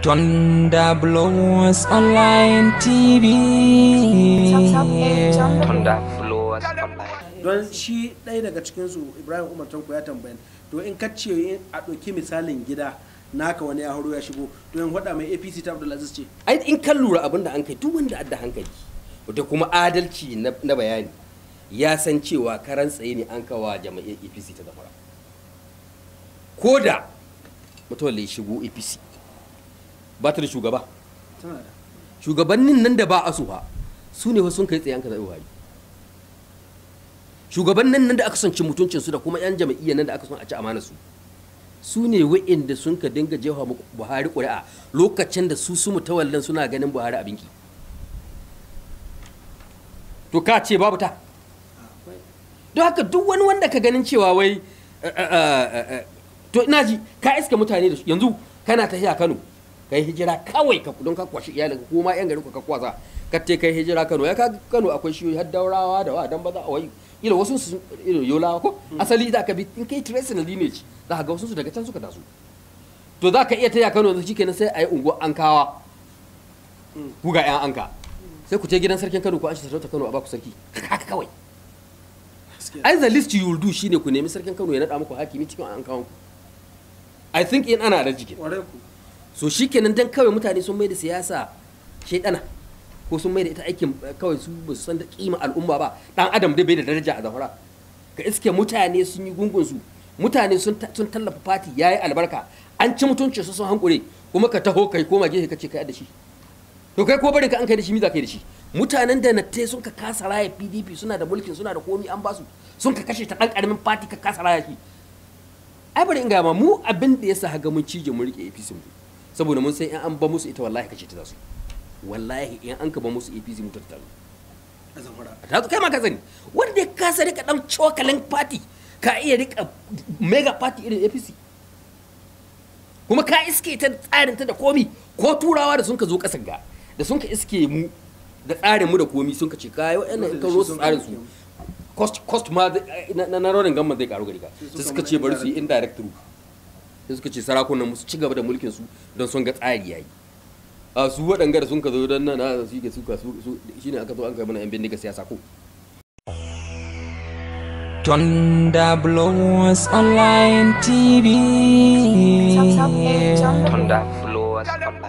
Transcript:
Tonda Blows Online TV. Tonda Blows Online. Don shi ɗaya daga cikinsu Ibrahim Umar Tanko ya tambaya to in ka ce a ɗauki misalin gida naka wani ya horo ya shigo to in faɗa mai APC ta Abdulaziz ce. Ai in kan lura abin da an kai duk wanda adda hankali da kuma adalci na bayani ya san cewa karan tsaye ne an kawa jama'iyyar APC ta zamfara. Ko da mutum ya shigo APC ba ta da shugaba shugabannin nan da ba a so ha su ne sun kai tsayanka zaɓi buhari shugabannin nan da aka sanci cin mutuncinsu da kuma 'yan jama'iyyar nan da aka son a ci amana su su ne wa'inda sun ka dinga jefa buhari ƙuri'a lokacin da su su mutawallan suna ganin buhari abinki to ka ce babu ta don haka duk wani wanda ka ganin cewa wai eh, eh, eh, to ina ji ka iska mutane da yanzu kana tafiya kano kai hijira kawai ka don ka kwashi iyalin ka kuma yan garin ku ka kwaza ka te kai hijira Kano ya ka Kano akwai shi har daurawa da wa dan baza wai ila wasu su ila yola ko asali da ka bi in kai traditional lineage za ka ga wasu su daga can suka taso to za ka iya taya Kano yanzu shikenan sai ayi ungo an kawa ku ga yan anka sai ku je gidan sarkin Kano ku an shi sarauta Kano a baku sarki haka kawai ai the list you will do shine ku nemi sarkin Kano ya nada muku hakimi cikin an kawo ku i think in ana da jiki. so shi kenan dan kawai mutane sun mai da siyasa shaidana ko sun mai da ita aikin eh, kawai su ba su san da kima al'umma ba dan adam dai bai da daraja a zafara Ga iske mutane sun yi gungun su mutane sun tallafa fati yayi albarka an ci mutunci su sun hankure kuma ka taho kai koma gefe ce kai da shi to kai ko bari ka an kai da shi mi za kai da shi mutanen da na te sun ka kasa raya PDP suna da mulkin suna da komi an basu sun ka kashe ta dan karamin fati ka kasa raya shi ai bari in ga mu abin da yasa ga mun cije mu rike APC mu saboda mun san in an ba musu ita wallahi kace ta zasu wallahi in an ka ba musu APC mutar ta ta kai ma ka sani wanda ka sa rika dan cokalin party ka iya rika mega party irin APC kuma ka iske ta tsarin ta da komi ko turawa da sun ka zo kasar ga da sun ka iske mu da tsarin mu da komi sun ka ce kai wa'annan in ka rosa tsarin su cost cost ma eh, na na ronin gamma zai karu gari ka suka ce bari su yi indirect route sai suka ce sarakunan musu ci gaba da mulkin su don sun ga tsari yayi a su waɗanga da sun ka zo don nan a ah, su ke suka su shine aka zo an kai mana yan bindiga siyasa ko Tonda Blowers Online TV Tonda Blowers Online